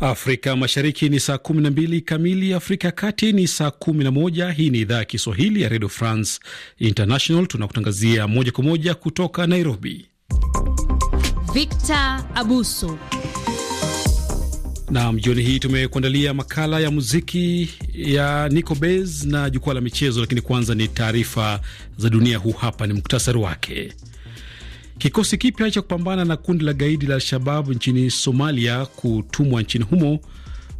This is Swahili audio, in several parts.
Afrika Mashariki ni saa 12 kamili, Afrika ya Kati ni saa 11. Hii ni idhaa ya Kiswahili ya Radio France International, tunakutangazia moja kwa moja kutoka Nairobi. Victor Abuso nam, jioni hii tumekuandalia makala ya muziki ya Nico Bez na jukwaa la michezo, lakini kwanza ni taarifa za dunia. Huu hapa ni muktasari wake. Kikosi kipya cha kupambana na kundi la gaidi la Al-Shabab nchini Somalia kutumwa nchini humo.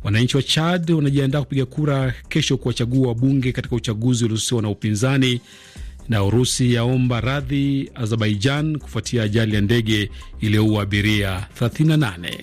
Wananchi wa Chad wanajiandaa kupiga kura kesho kuwachagua wabunge katika uchaguzi uliosusiwa na upinzani. Na Urusi yaomba radhi Azerbaijan kufuatia ajali ya ndege iliyoua abiria 38.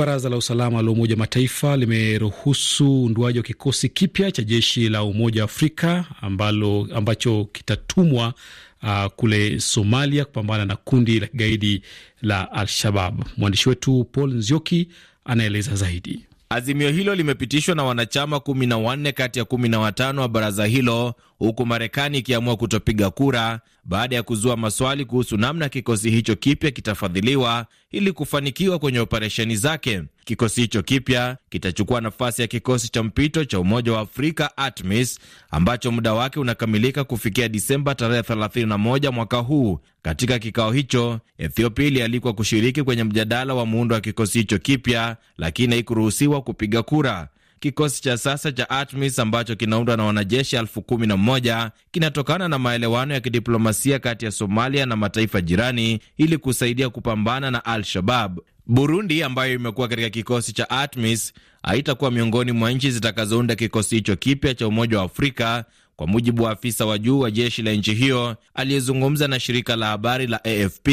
Baraza la usalama la Umoja Mataifa limeruhusu uundwaji wa kikosi kipya cha jeshi la Umoja wa Afrika ambalo, ambacho kitatumwa uh, kule Somalia kupambana na kundi la kigaidi la Al-Shabab. Mwandishi wetu Paul Nzioki anaeleza zaidi. Azimio hilo limepitishwa na wanachama 14 kati ya 15 wa baraza hilo, huku Marekani ikiamua kutopiga kura baada ya kuzua maswali kuhusu namna kikosi hicho kipya kitafadhiliwa ili kufanikiwa kwenye operesheni zake. Kikosi hicho kipya kitachukua nafasi ya kikosi cha mpito cha Umoja wa Afrika ATMIS ambacho muda wake unakamilika kufikia Disemba tarehe 31 mwaka huu. Katika kikao hicho, Ethiopia ilialikwa kushiriki kwenye mjadala wa muundo wa kikosi hicho kipya, lakini haikuruhusiwa kupiga kura. Kikosi cha sasa cha ATMIS ambacho kinaundwa na wanajeshi elfu kumi na moja kinatokana na maelewano ya kidiplomasia kati ya Somalia na mataifa jirani ili kusaidia kupambana na Al-Shabab. Burundi ambayo imekuwa katika kikosi cha ATMIS haitakuwa miongoni mwa nchi zitakazounda kikosi hicho kipya cha Umoja wa Afrika kwa mujibu wa afisa wa juu wa jeshi la nchi hiyo aliyezungumza na shirika la habari la AFP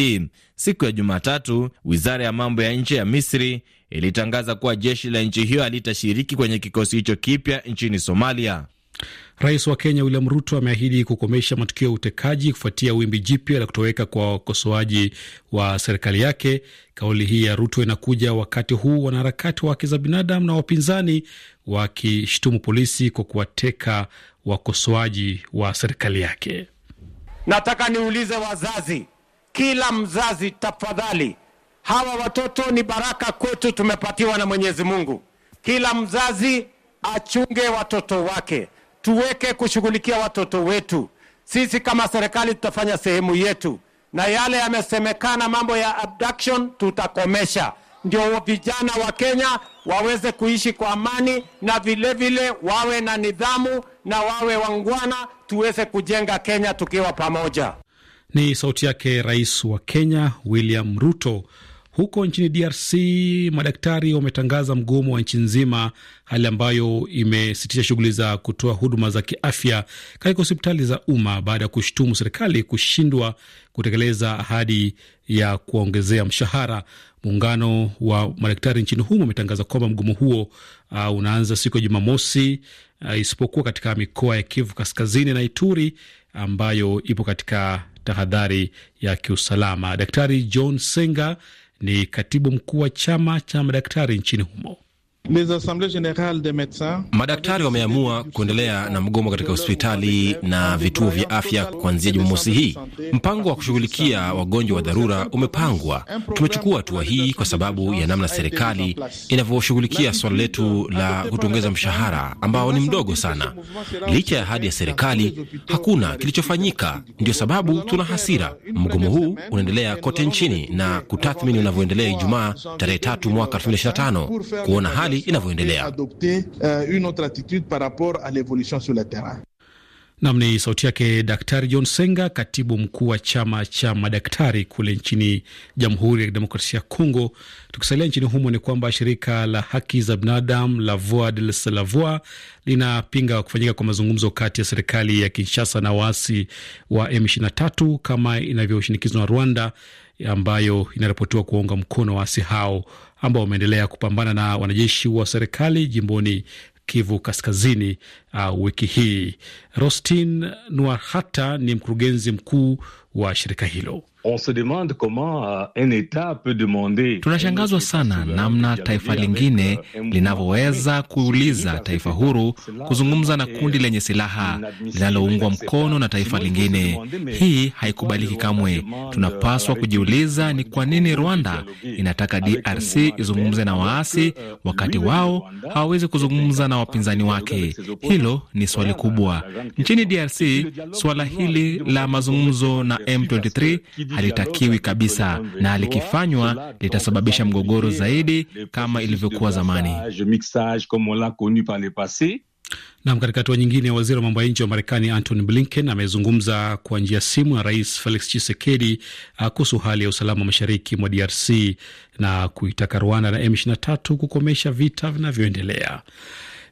siku ya Jumatatu. Wizara ya mambo ya nje ya Misri ilitangaza kuwa jeshi la nchi hiyo halitashiriki kwenye kikosi hicho kipya nchini Somalia. Rais wa Kenya William Ruto ameahidi kukomesha matukio ya utekaji kufuatia wimbi jipya la kutoweka kwa wakosoaji wa serikali yake. Kauli hii ya Ruto inakuja wakati huu wanaharakati wa haki za binadamu na wapinzani wakishtumu polisi kwa kuwateka wakosoaji wa serikali yake. Nataka niulize wazazi, kila mzazi tafadhali, hawa watoto ni baraka kwetu, tumepatiwa na Mwenyezi Mungu. Kila mzazi achunge watoto wake tuweke kushughulikia watoto wetu. Sisi kama serikali tutafanya sehemu yetu, na yale yamesemekana mambo ya abduction tutakomesha, ndio vijana wa Kenya waweze kuishi kwa amani na vilevile vile wawe na nidhamu na wawe wangwana, tuweze kujenga Kenya tukiwa pamoja. Ni sauti yake Rais wa Kenya William Ruto huko nchini DRC madaktari wametangaza mgomo wa nchi nzima, hali ambayo imesitisha shughuli za kutoa huduma za kiafya katika hospitali za umma baada ya kushutumu serikali kushindwa kutekeleza ahadi ya kuwaongezea mshahara. Muungano wa madaktari nchini humo umetangaza kwamba mgomo huo uh, unaanza siku ya Jumamosi uh, isipokuwa katika mikoa ya Kivu Kaskazini na Ituri ambayo ipo katika tahadhari ya kiusalama. Daktari John Senga ni katibu mkuu wa chama cha madaktari nchini humo. Madaktari wameamua kuendelea na mgomo katika hospitali na vituo vya afya kuanzia Jumamosi hii. Mpango wa kushughulikia wagonjwa wa dharura umepangwa. Tumechukua hatua hii kwa sababu ya namna serikali inavyoshughulikia swala letu la kutuongeza mshahara ambao ni mdogo sana. Licha ya ahadi ya serikali, hakuna kilichofanyika, ndio sababu tuna hasira. Mgomo huu unaendelea kote nchini na kutathmini unavyoendelea Ijumaa tarehe tatu mwaka 2025 kuona hali Il a adopté euh, une autre attitude par rapport à l'évolution sur le terrain. Nam ni sauti yake Daktari John Senga, katibu mkuu wa chama cha madaktari kule nchini Jamhuri ya Kidemokrasia ya Kongo. Tukisalia nchini humo, ni kwamba shirika la haki za binadamu la Voix Voix linapinga kufanyika kwa mazungumzo kati ya serikali ya Kinshasa na waasi wa M23 kama inavyoshinikizwa na Rwanda, ambayo inaripotiwa kuwaunga mkono waasi hao ambao wameendelea kupambana na wanajeshi wa serikali jimboni Kivu Kaskazini uh, wiki hii. Rostin Nuarhata ni mkurugenzi mkuu wa shirika hilo. On se demande comment euh, un peut demander. Tunashangazwa sana namna taifa lingine euh, linavyoweza kuuliza taifa huru kuzungumza na kundi lenye silaha linaloungwa mkono na taifa lingine. Hii haikubaliki kamwe. Tunapaswa euh, kujiuliza ni kwa nini Rwanda inataka DRC izungumze na waasi wakati wao hawawezi kuzungumza na wapinzani wake. Hilo ni swali kubwa nchini DRC. Suala hili la mazungumzo na M23 halitakiwi kabisa, na likifanywa litasababisha mgogoro zaidi kama ilivyokuwa zamani. Nam, katika hatua nyingine, waziri wa mambo ya nje wa Marekani Antony Blinken amezungumza kwa njia ya simu na Rais Felix chisekedi ah, kuhusu hali ya usalama mashariki mwa DRC na kuitaka Rwanda na M23 kukomesha vita vinavyoendelea.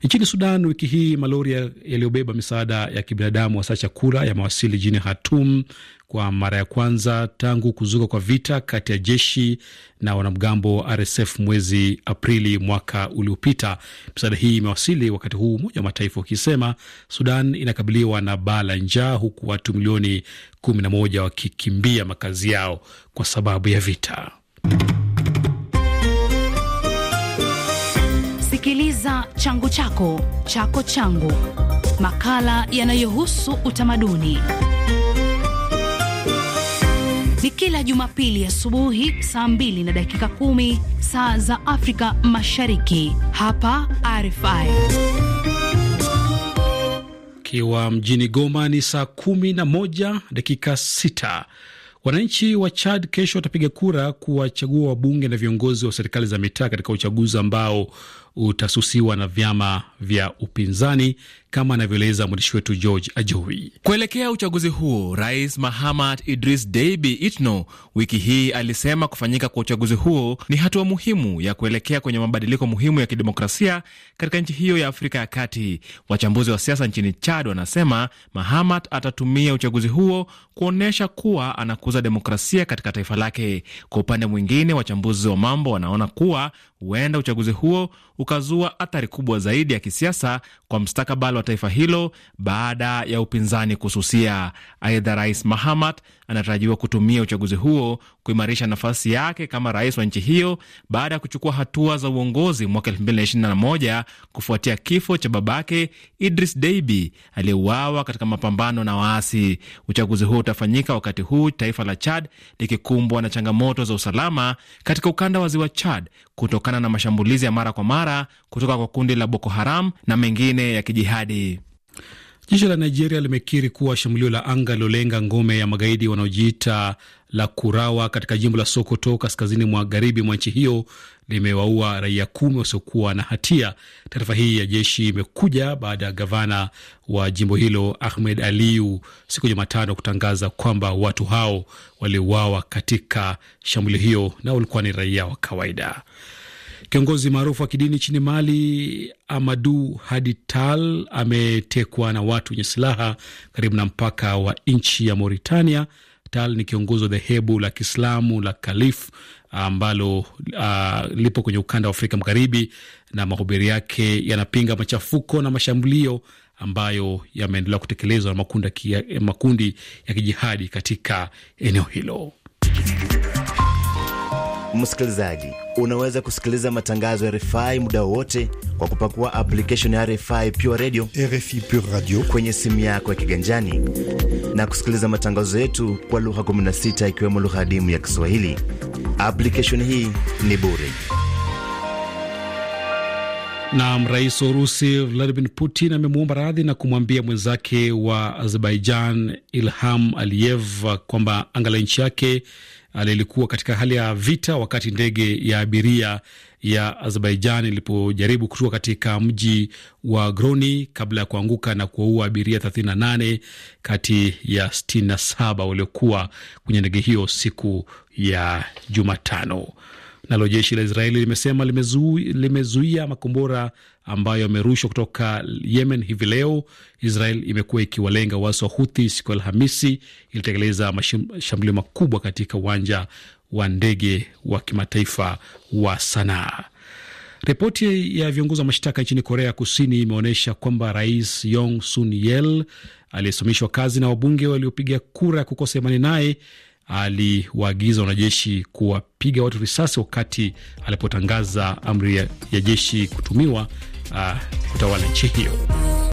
Nchini Sudan wiki hii malori yaliyobeba misaada ya kibinadamu hasa chakula yamewasili jijini Khartoum kwa mara ya kwanza tangu kuzuka kwa vita kati ya jeshi na wanamgambo wa RSF mwezi Aprili mwaka uliopita. Misaada hii imewasili wakati huu Umoja wa Mataifa ukisema Sudan inakabiliwa na baa la njaa, huku watu milioni 11 wakikimbia makazi yao kwa sababu ya vita. Sikiliza changu chako chako changu, makala yanayohusu utamaduni ni kila Jumapili asubuhi saa 2 na dakika 10 saa za Afrika Mashariki, hapa RFI. Kiwa mjini Goma ni saa 11 dakika 6 Wananchi wa Chad kesho watapiga kura kuwachagua wabunge na viongozi wa serikali za mitaa katika uchaguzi ambao utasusiwa na vyama vya upinzani kama anavyoeleza mwandishi wetu George Ajowi. Kuelekea uchaguzi huo, Rais Mahamad Idris Deibi Itno wiki hii alisema kufanyika kwa uchaguzi huo ni hatua muhimu ya kuelekea kwenye mabadiliko muhimu ya kidemokrasia katika nchi hiyo ya Afrika ya Kati. Wachambuzi wa siasa nchini Chad wanasema Mahamad atatumia uchaguzi huo kuonyesha kuwa anakuza demokrasia katika taifa lake. Kwa upande mwingine, wachambuzi wa mambo wanaona kuwa huenda uchaguzi huo ukazua athari kubwa zaidi ya kisiasa kwa mstakabali wa taifa hilo baada ya upinzani kususia. Aidha, Rais Mahamat anatarajiwa kutumia uchaguzi huo kuimarisha nafasi yake kama rais wa nchi hiyo baada ya kuchukua hatua za uongozi mwaka 2021 kufuatia kifo cha babake Idris Deibi aliyeuawa katika mapambano na waasi. Uchaguzi huo utafanyika wakati huu taifa la Chad likikumbwa na changamoto za usalama katika ukanda wa ziwa Chad kutokana na mashambulizi ya mara kwa mara kutoka kwa kundi la Boko Haram na mengine ya kijihadi. Jeshi la Nigeria limekiri kuwa shambulio la anga lilolenga ngome ya magaidi wanaojiita la Kurawa katika jimbo la Sokoto, kaskazini mwa magharibi mwa nchi hiyo, limewaua raia kumi wasiokuwa na hatia. Taarifa hii ya jeshi imekuja baada ya gavana wa jimbo hilo Ahmed aliu siku ya Jumatano kutangaza kwamba watu hao waliuawa katika shambulio hiyo na walikuwa ni raia wa kawaida. Kiongozi maarufu wa kidini nchini Mali, Amadu Hadi Tal, ametekwa na watu wenye silaha karibu na mpaka wa nchi ya Mauritania. Tal ni kiongozi wa dhehebu la Kiislamu la Kalif ambalo uh, lipo kwenye ukanda wa Afrika Magharibi, na mahubiri yake yanapinga machafuko na mashambulio ambayo yameendelea kutekelezwa na makundi ya, makundi ya kijihadi katika eneo hilo. Msikilizaji, unaweza kusikiliza matangazo ya RFI muda wowote kwa kupakua application ya RFI Pure Radio, RFI Pure Radio kwenye simu yako ya kiganjani na kusikiliza matangazo yetu kwa lugha 16 ikiwemo lugha adimu ya Kiswahili. Application hii ni bure. Nam, Rais wa Urusi Vladimir Putin amemwomba radhi na kumwambia mwenzake wa Azerbaijan Ilham Aliyev kwamba angala nchi yake lilikuwa katika hali ya vita wakati ndege ya abiria ya Azerbaijan ilipojaribu kutua katika mji wa groni kabla ya kuanguka na kuwaua abiria 38 kati ya 67 waliokuwa kwenye ndege hiyo siku ya Jumatano. Nalo jeshi la Israeli limesema limezuia, limezuia makombora ambayo yamerushwa kutoka Yemen hivi leo. Israel imekuwa ikiwalenga waasi wa Huthi. Siku ya Alhamisi ilitekeleza mashambulio makubwa katika uwanja wa ndege wa kimataifa wa Sanaa. Ripoti ya viongozi wa mashtaka nchini Korea Kusini imeonyesha kwamba rais Yong Sun Yel aliyesimamishwa kazi na wabunge waliopiga kura ya kukosa imani naye aliwaagiza wanajeshi kuwapiga watu risasi wakati alipotangaza amri ya jeshi kutumiwa uh, kutawala nchi hiyo.